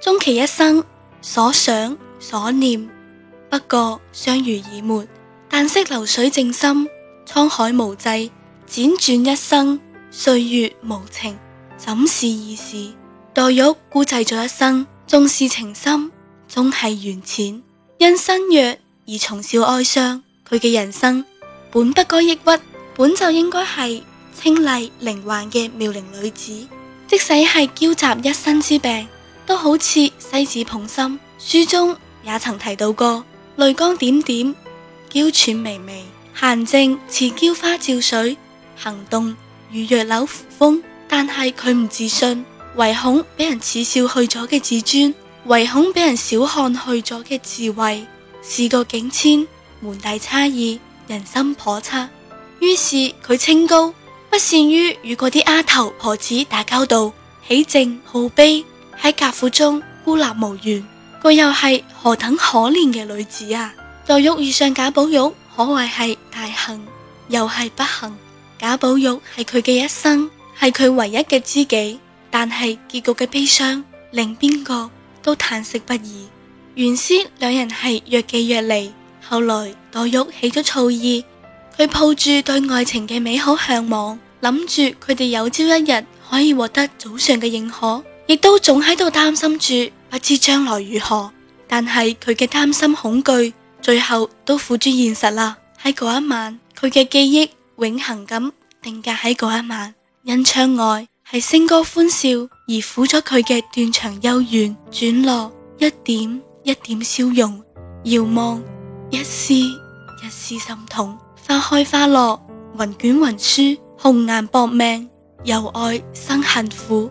終其一生所想所念，不過相濡以沫，但惜流水靜心，滄海無際，輾轉一生，歲月無情，怎是易事？黛玉孤寂咗一生，縱是情深，終係緣淺，因身弱而從小哀傷，佢嘅人生本不該抑鬱，本就應該係清麗靈幻嘅妙齡女子，即使係嬌雜一身之病。都好似西子捧心，書中也曾提到過淚光點點，嬌喘微微。閒靜似嬌花照水，行動如弱柳扶風。但係佢唔自信，唯恐俾人恥笑去咗嘅自尊，唯恐俾人小看去咗嘅智慧。事過境遷，門第差異，人心叵測。於是佢清高，不善於與嗰啲丫頭婆子打交道，喜靜好悲。喺賈府中孤立無援，佢又係何等可憐嘅女子啊！黛玉遇上賈寶玉，可謂係大幸又係不幸。賈寶玉係佢嘅一生，係佢唯一嘅知己。但係結局嘅悲傷，令邊個都嘆息不已。原先兩人係若即若離，後來黛玉起咗醋意，佢抱住對愛情嘅美好向往，諗住佢哋有朝一日可以獲得祖上嘅認可。亦都總喺度擔心住，不知將來如何。但係佢嘅擔心恐懼，最後都付諸現實啦。喺嗰一晚，佢嘅記憶永恒咁定格喺嗰一晚。因窗外係笙歌歡笑，而苦咗佢嘅斷腸幽怨。轉落一點一點笑容，遙望一絲一絲心痛。花開花落，雲卷雲舒，紅顏薄命，由愛生恨苦。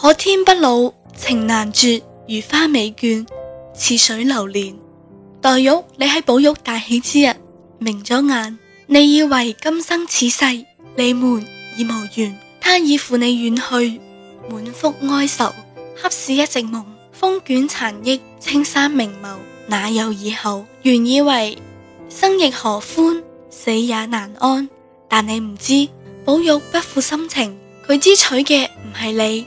可天不老，情難絕，如花美眷，似水流年。黛玉，你喺寶玉大喜之日明咗眼，你以為今生此世你們已無緣，他已負你遠去，滿腹哀愁，恰似一席夢，風捲殘翼，青山明眸，哪有以後？原以為生亦何歡，死也難安，但你唔知寶玉不負心情，佢支取嘅唔係你。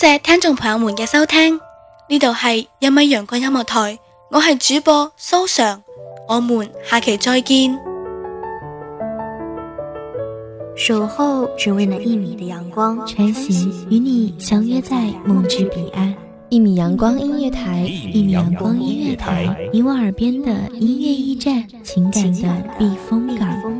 謝謝聽眾朋友們嘅收聽，呢度係一米陽光音樂台，我係主播蘇常，我們下期再見。守候只為那一米的陽光，前行與你相約在夢之彼岸。一米陽光音樂台，一米陽光音樂台，你我耳邊的音樂驛站，情感的避風港。